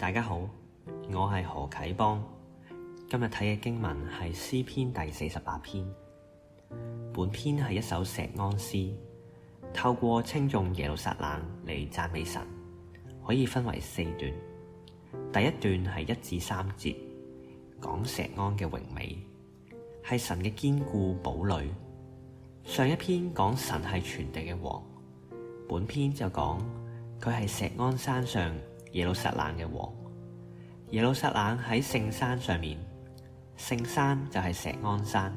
大家好，我係何啟邦。今日睇嘅經文係詩篇第四十八篇。本篇係一首錫安詩，透過稱頌耶路撒冷嚟讚美神，可以分為四段。第一段係一至三節，講錫安嘅榮美，係神嘅堅固堡壘。上一篇講神係全地嘅王，本篇就講佢係錫安山上。耶路撒冷嘅王，耶路撒冷喺聖山上面，聖山就係錫安山。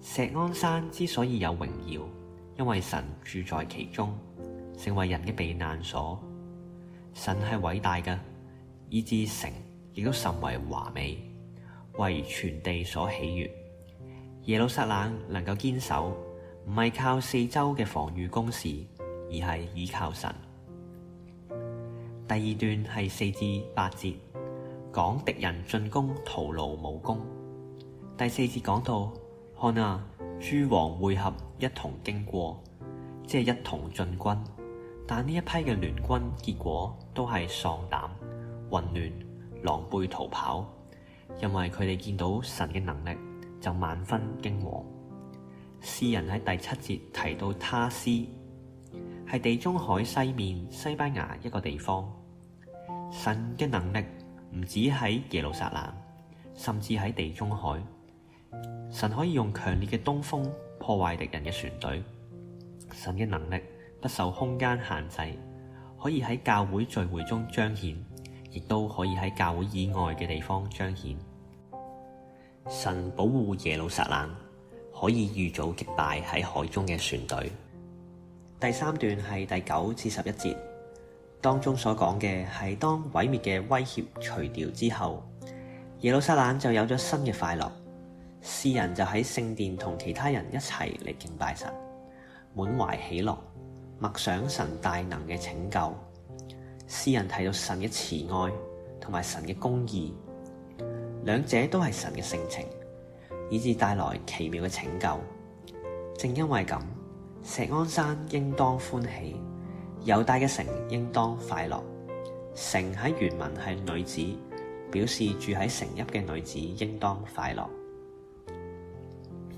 錫安山之所以有榮耀，因為神住在其中，成為人嘅避難所。神係偉大嘅，以致城亦都甚為華美，為全地所喜悅。耶路撒冷能夠堅守，唔係靠四周嘅防禦工事，而係倚靠神。第二段係四至八節，講敵人進攻徒勞無功。第四節講到，看啊，諸王會合一同經過，即係一同進軍。但呢一批嘅聯軍結果都係喪膽、混亂、狼狽逃跑，因為佢哋見到神嘅能力，就萬分驚惶。詩人喺第七節提到他施，係地中海西面西班牙一個地方。神嘅能力唔止喺耶路撒冷，甚至喺地中海。神可以用強烈嘅東風破壞敵人嘅船隊。神嘅能力不受空間限制，可以喺教會聚會中彰顯，亦都可以喺教會以外嘅地方彰顯。神保護耶路撒冷，可以預早擊敗喺海中嘅船隊。第三段係第九至十一節。當中所講嘅係當毀滅嘅威脅除掉之後，耶路撒冷就有咗新嘅快樂。詩人就喺聖殿同其他人一齊嚟敬拜神，滿懷喜樂，默想神大能嘅拯救。詩人提到神嘅慈愛同埋神嘅公義，兩者都係神嘅性情，以致帶來奇妙嘅拯救。正因為咁，錫安山應當歡喜。猶大嘅城應當快樂。城喺原文係女子，表示住喺城邑嘅女子應當快樂。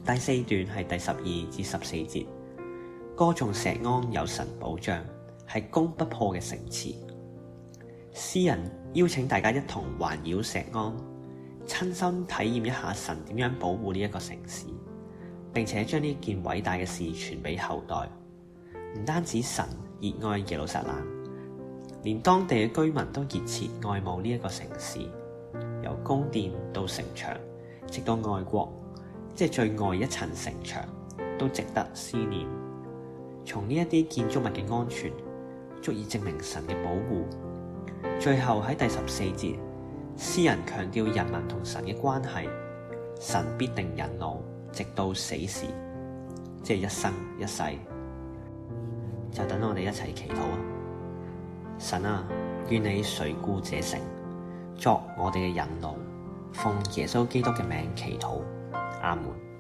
第四段係第十二至十四節，歌頌錫安有神保障，係攻不破嘅城池。詩人邀請大家一同環繞錫安，親身體驗一下神點樣保護呢一個城市，並且將呢件偉大嘅事傳俾後代，唔單止神，熱愛耶路撒冷，連當地嘅居民都熱切愛慕呢一個城市，由宮殿到城牆，直到外國，即係最外一層城牆，都值得思念。從呢一啲建築物嘅安全，足以證明神嘅保護。最後喺第十四節，詩人強調人民同神嘅關係，神必定引路，直到死時，即係一生一世。就等我哋一齊祈禱啊！神啊，願你垂顧這城，作我哋嘅引路，奉耶穌基督嘅名祈禱，阿門。